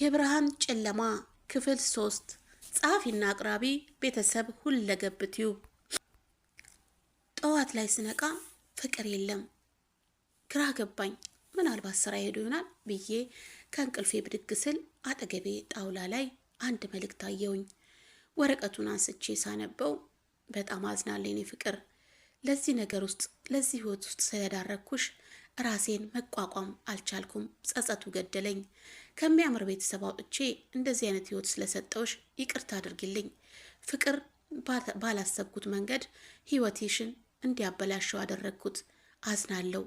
የብርሃን ጨለማ ክፍል ሶስት ጸሐፊና አቅራቢ ቤተሰብ ሁለገብ ቲዩብ። ጠዋት ላይ ስነቃ ፍቅር የለም። ግራ ገባኝ። ምናልባት ስራ ሄዱ ይሆናል ብዬ ከእንቅልፌ ብድግ ስል አጠገቤ ጣውላ ላይ አንድ መልእክት አየውኝ። ወረቀቱን አንስቼ ሳነበው በጣም አዝናለኝ ፍቅር ለዚህ ነገር ውስጥ ለዚህ ህይወት ውስጥ ስለዳረግኩሽ ራሴን መቋቋም አልቻልኩም። ጸጸቱ ገደለኝ። ከሚያምር ቤተሰብ አውጥቼ እንደዚህ አይነት ህይወት ስለሰጠውሽ ይቅርታ አድርግልኝ። ፍቅር ባላሰብኩት መንገድ ህይወቴሽን እንዲያበላሸው አደረግኩት፣ አዝናለው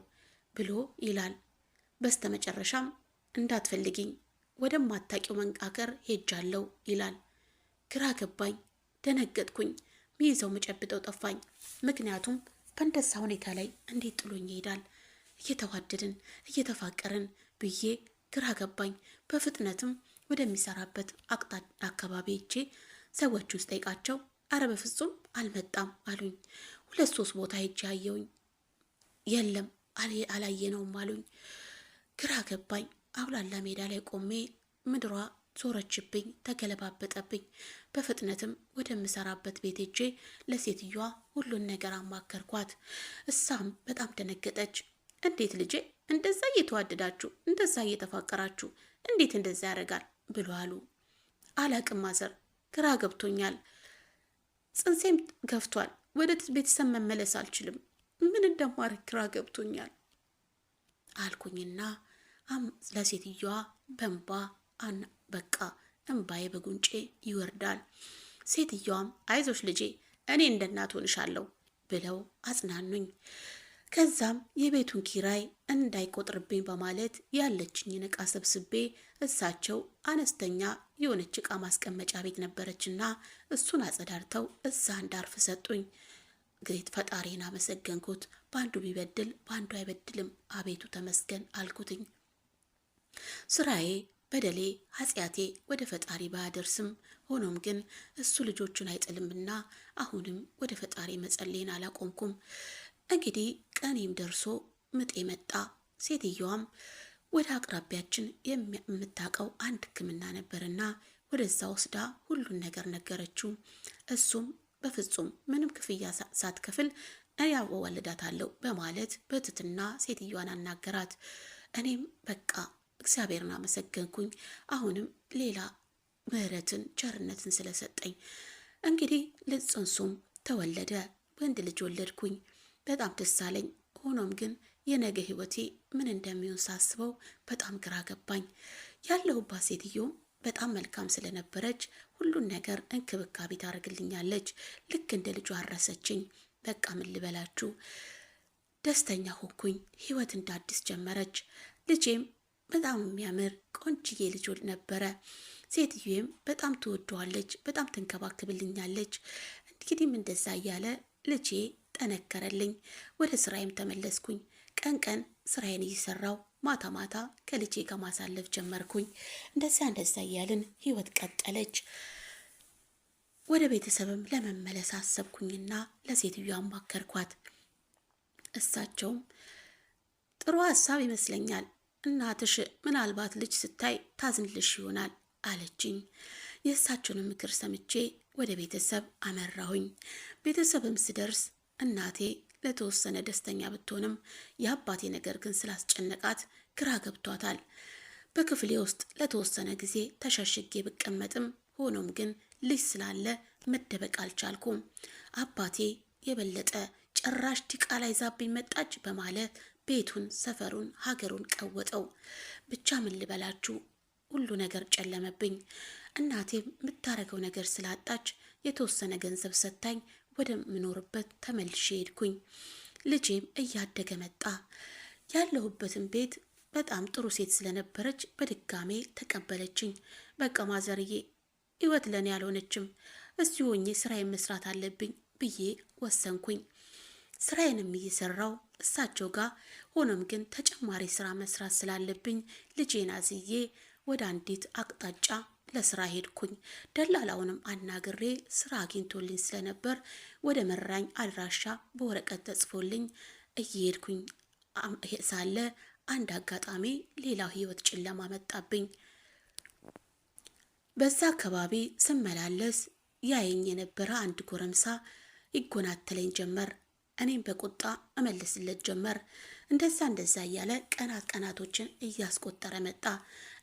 ብሎ ይላል። በስተ መጨረሻም እንዳትፈልጊኝ ወደማታውቂው መንቃቀር ሄጃለው ይላል። ግራ ገባኝ፣ ደነገጥኩኝ፣ ሚይዘው መጨብጠው ጠፋኝ። ምክንያቱም በእንደዛ ሁኔታ ላይ እንዴት ጥሎኝ ይሄዳል? እየተዋደድን እየተፋቀርን ብዬ ግራ ገባኝ። በፍጥነትም ወደሚሰራበት አቅጣ አካባቢ ሄጄ ሰዎች ውስጥ ጠይቃቸው፣ አረ በፍጹም አልመጣም አሉኝ። ሁለት ሶስት ቦታ ሄጄ አየውኝ፣ የለም አላየነውም አሉኝ። ግራ ገባኝ። አውላላ ሜዳ ላይ ቆሜ ምድሯ ዞረችብኝ፣ ተገለባበጠብኝ። በፍጥነትም ወደምሰራበት ቤት ሄጄ ለሴትዮዋ ሁሉን ነገር አማከርኳት። እሳም በጣም ደነገጠች። እንዴት ልጄ እንደዛ እየተዋደዳችሁ እንደዛ እየተፋቀራችሁ እንዴት እንደዛ ያደርጋል ብሎ አሉ። አላቅም ማዘር፣ ግራ ገብቶኛል። ጽንሴም ገፍቷል። ወደ ቤተሰብ መመለስ አልችልም። ምን እንደማረግ ግራ ገብቶኛል አልኩኝና ለሴትዮዋ በእንባ አና በቃ እንባዬ በጉንጬ ይወርዳል። ሴትዮዋም አይዞሽ ልጄ እኔ እንደ እናት ሆንሻለሁ ብለው አጽናኑኝ። ከዛም የቤቱን ኪራይ እንዳይቆጥርብኝ በማለት ያለችኝን እቃ ሰብስቤ እሳቸው አነስተኛ የሆነች ዕቃ ማስቀመጫ ቤት ነበረችና እሱን አጸዳርተው እዛ እንዳርፍ ሰጡኝ። ግሬት ፈጣሪን አመሰገንኩት። በአንዱ ቢበድል በአንዱ አይበድልም፣ አቤቱ ተመስገን አልኩትኝ። ስራዬ፣ በደሌ፣ ኃጢአቴ ወደ ፈጣሪ ባያደርስም ሆኖም ግን እሱ ልጆቹን አይጥልምና አሁንም ወደ ፈጣሪ መጸሌን አላቆምኩም። እንግዲህ ቀኔም ደርሶ ምጤ መጣ። ሴትየዋም ወደ አቅራቢያችን የምታውቀው አንድ ሕክምና ነበርና ወደዛ ወስዳ ሁሉን ነገር ነገረችው። እሱም በፍጹም ምንም ክፍያ ሳትከፍል እኔ በማለት በትትና ሴትዮዋን አናገራት። እኔም በቃ እግዚአብሔርን አመሰገንኩኝ፣ አሁንም ሌላ ምሕረትን ቸርነትን ስለሰጠኝ። እንግዲህ ልጽንሱም ተወለደ፣ ወንድ ልጅ ወለድኩኝ። በጣም ደስ አለኝ። ሆኖም ግን የነገ ህይወቴ ምን እንደሚሆን ሳስበው በጣም ግራ ገባኝ። ያለሁባት ሴትዮም በጣም መልካም ስለነበረች ሁሉን ነገር እንክብካቤ ታደርግልኛለች። ልክ እንደ ልጇ አረሰችኝ። በቃ ምን ልበላችሁ ደስተኛ ሆንኩኝ። ህይወት እንደ አዲስ ጀመረች። ልጄም በጣም የሚያምር ቆንጅዬ ልጅ ነበረ። ሴትዬም በጣም ትወደዋለች፣ በጣም ትንከባክብልኛለች። እንግዲህም እንደዛ እያለ ልጄ ጠነከረልኝ። ወደ ስራዬም ተመለስኩኝ። ቀን ቀን ስራዬን እየሰራው ማታ ማታ ከልጄ ጋር ማሳለፍ ጀመርኩኝ። እንደዚያ እንደዛ እያልን ህይወት ቀጠለች። ወደ ቤተሰብም ለመመለስ አሰብኩኝና ለሴትዮዋ አማከርኳት። እሳቸውም ጥሩ ሀሳብ ይመስለኛል፣ እናትሽ ምናልባት ልጅ ስታይ ታዝንልሽ ይሆናል አለችኝ። የእሳቸውንም ምክር ሰምቼ ወደ ቤተሰብ አመራሁኝ። ቤተሰብም ስደርስ እናቴ ለተወሰነ ደስተኛ ብትሆንም የአባቴ ነገር ግን ስላስጨነቃት ግራ ገብቷታል። በክፍሌ ውስጥ ለተወሰነ ጊዜ ተሸሽጌ ብቀመጥም ሆኖም ግን ልጅ ስላለ መደበቅ አልቻልኩም። አባቴ የበለጠ ጭራሽ ዲቃላ ይዛብኝ መጣች በማለት ቤቱን፣ ሰፈሩን፣ ሀገሩን ቀወጠው። ብቻ ምን ልበላችሁ ሁሉ ነገር ጨለመብኝ። እናቴ የምታረገው ነገር ስላጣች የተወሰነ ገንዘብ ሰጥታኝ ወደምኖርበት ተመልሼ ሄድኩኝ። ልጄም እያደገ መጣ። ያለሁበትን ቤት በጣም ጥሩ ሴት ስለነበረች በድጋሜ ተቀበለችኝ። በቃ ማዘርዬ ህይወት ለእኔ አልሆነችም፣ እዚሁ ሆኜ ስራዬን መስራት አለብኝ ብዬ ወሰንኩኝ። ስራዬንም እየሰራው እሳቸው ጋር ሆኖም ግን ተጨማሪ ስራ መስራት ስላለብኝ ልጄን አዝዬ ወደ አንዲት አቅጣጫ ለስራ ሄድኩኝ። ደላላውንም አናግሬ ስራ አግኝቶልኝ ስለነበር ወደ መራኝ አድራሻ በወረቀት ተጽፎልኝ እየሄድኩኝ ሳለ አንድ አጋጣሚ ሌላው ህይወት ጨለማ መጣብኝ። በዛ አካባቢ ስመላለስ ያየኝ የነበረ አንድ ጎረምሳ ይጎናተለኝ ጀመር። እኔም በቁጣ እመልስለት ጀመር። እንደዛ እንደዛ እያለ ቀናት ቀናቶችን እያስቆጠረ መጣ።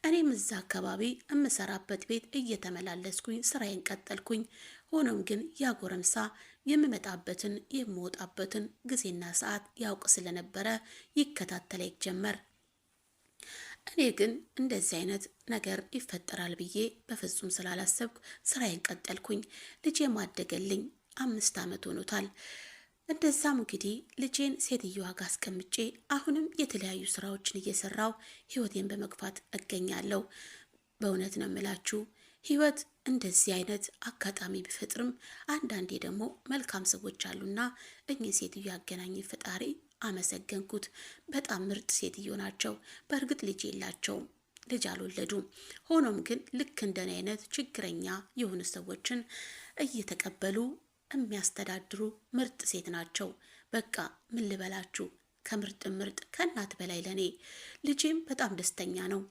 እኔም እዛ አካባቢ እምሰራበት ቤት እየተመላለስኩኝ ስራዬን ቀጠልኩኝ። ሆኖም ግን ያጎረምሳ የምመጣበትን የምወጣበትን ጊዜና ሰዓት ያውቅ ስለነበረ ይከታተለኝ ጀመር። እኔ ግን እንደዚህ አይነት ነገር ይፈጠራል ብዬ በፍጹም ስላላሰብኩ ስራዬን ቀጠልኩኝ። ልጄ ማደገልኝ አምስት ዓመት ሆኖታል። እንደዛም እንግዲህ ልጄን ሴትዮዋ ጋር አስቀምጬ አሁንም የተለያዩ ስራዎችን እየሰራው ህይወቴን በመግፋት እገኛለሁ። በእውነት ነው የምላችሁ ህይወት እንደዚህ አይነት አጋጣሚ ቢፈጥርም አንዳንዴ ደግሞ መልካም ሰዎች አሉና እኚህ ሴትዮ ያገናኝ ፈጣሪ አመሰገንኩት። በጣም ምርጥ ሴትዮ ናቸው። በእርግጥ ልጅ የላቸውም ልጅ አልወለዱም። ሆኖም ግን ልክ እንደኔ አይነት ችግረኛ የሆኑ ሰዎችን እየተቀበሉ የሚያስተዳድሩ ምርጥ ሴት ናቸው። በቃ ምን ልበላችሁ፣ ከምርጥ ምርጥ ከእናት በላይ ለኔ። ልጄም በጣም ደስተኛ ነው።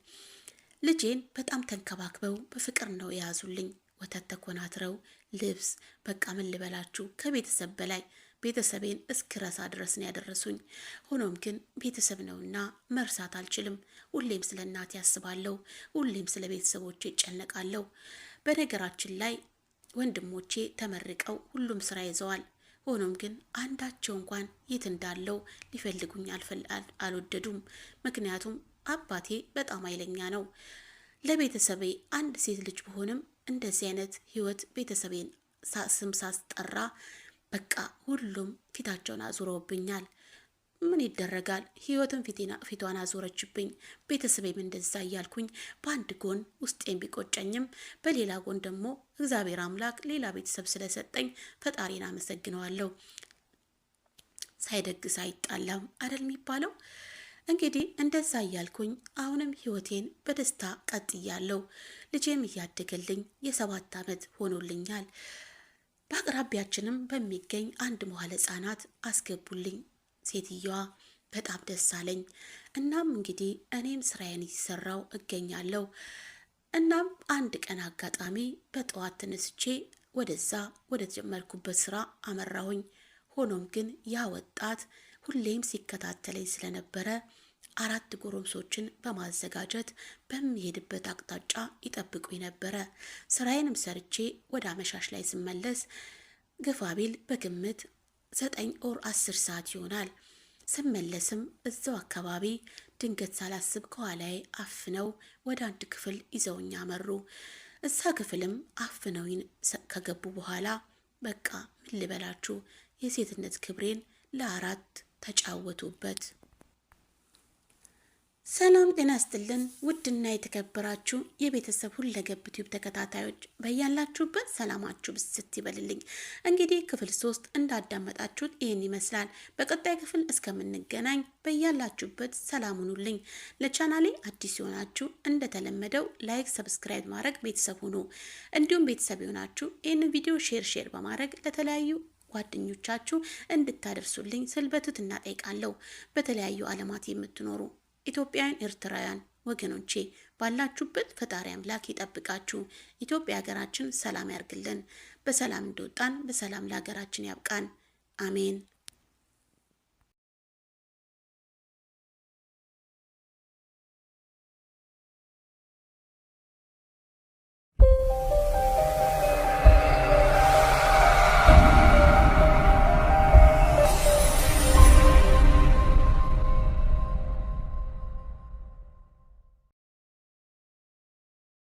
ልጄን በጣም ተንከባክበው በፍቅር ነው የያዙልኝ። ወተት ተኮናትረው፣ ልብስ፣ በቃ ምን ልበላችሁ ከቤተሰብ በላይ ቤተሰቤን እስክረሳ ድረስ ነው ያደረሱኝ። ሆኖም ግን ቤተሰብ ነውና መርሳት አልችልም። ሁሌም ስለ እናቴ ያስባለሁ። ሁሌም ስለ ቤተሰቦቼ ይጨነቃለሁ። በነገራችን ላይ ወንድሞቼ ተመርቀው ሁሉም ስራ ይዘዋል። ሆኖም ግን አንዳቸው እንኳን የት እንዳለው ሊፈልጉኝ አልወደዱም። ምክንያቱም አባቴ በጣም ኃይለኛ ነው። ለቤተሰቤ አንድ ሴት ልጅ ብሆንም እንደዚህ አይነት ህይወት ቤተሰቤን ስም ሳስጠራ በቃ ሁሉም ፊታቸውን አዙረውብኛል። ምን ይደረጋል፣ ህይወትን ፊቷን አዞረችብኝ። ቤተሰቤም እንደዛ እያልኩኝ በአንድ ጎን ውስጤን ቢቆጨኝም፣ በሌላ ጎን ደግሞ እግዚአብሔር አምላክ ሌላ ቤተሰብ ስለሰጠኝ ፈጣሪን አመሰግነዋለሁ። ሳይደግስ አይጣላም አደል የሚባለው? እንግዲህ እንደዛ እያልኩኝ አሁንም ህይወቴን በደስታ ቀጥያለሁ። ልጄም እያደገልኝ የሰባት ዓመት ሆኖልኛል። በአቅራቢያችንም በሚገኝ አንድ መዋለ ህጻናት አስገቡልኝ። ሴትየዋ በጣም ደስ አለኝ። እናም እንግዲህ እኔም ስራዬን እየሰራው እገኛለሁ። እናም አንድ ቀን አጋጣሚ በጠዋት ተነስቼ ወደዛ ወደ ተጀመርኩበት ስራ አመራሁኝ። ሆኖም ግን ያ ወጣት ሁሌም ሲከታተለኝ ስለነበረ አራት ጎረምሶችን በማዘጋጀት በሚሄድበት አቅጣጫ ይጠብቁኝ ነበረ። ስራዬንም ሰርቼ ወደ አመሻሽ ላይ ስመለስ ግፋ ቢል በግምት ዘጠኝ ኦር አስር ሰዓት ይሆናል። ስመለስም እዛው አካባቢ ድንገት ሳላስብ ከኋላዬ አፍነው ወደ አንድ ክፍል ይዘውኝ አመሩ። እዛ ክፍልም አፍነውኝ ከገቡ በኋላ በቃ ምን ልበላችሁ የሴትነት ክብሬን ለአራት ተጫወቱበት። ሰላም ጤና ይስጥልን ውድና የተከበራችሁ የቤተሰብ ሁለገብ ዩቲዩብ ተከታታዮች በያላችሁበት ሰላማችሁ ብስት ይበልልኝ። እንግዲህ ክፍል ሶስት እንዳዳመጣችሁት ይህን ይመስላል። በቀጣይ ክፍል እስከምንገናኝ በያላችሁበት ሰላም ሁኑልኝ። ለቻናሌ አዲስ የሆናችሁ እንደተለመደው ላይክ፣ ሰብስክራይብ ማድረግ ቤተሰብ ሁኑ። እንዲሁም ቤተሰብ የሆናችሁ ይህን ቪዲዮ ሼር ሼር በማድረግ ለተለያዩ ጓደኞቻችሁ እንድታደርሱልኝ ስል በትህትና እጠይቃለሁ። በተለያዩ ዓለማት የምትኖሩ ኢትዮጵያን፣ ኤርትራውያን ወገኖቼ ባላችሁበት ፈጣሪ አምላክ ይጠብቃችሁ። ኢትዮጵያ ሀገራችን ሰላም ያርግልን። በሰላም እንደወጣን በሰላም ለሀገራችን ያብቃን። አሜን።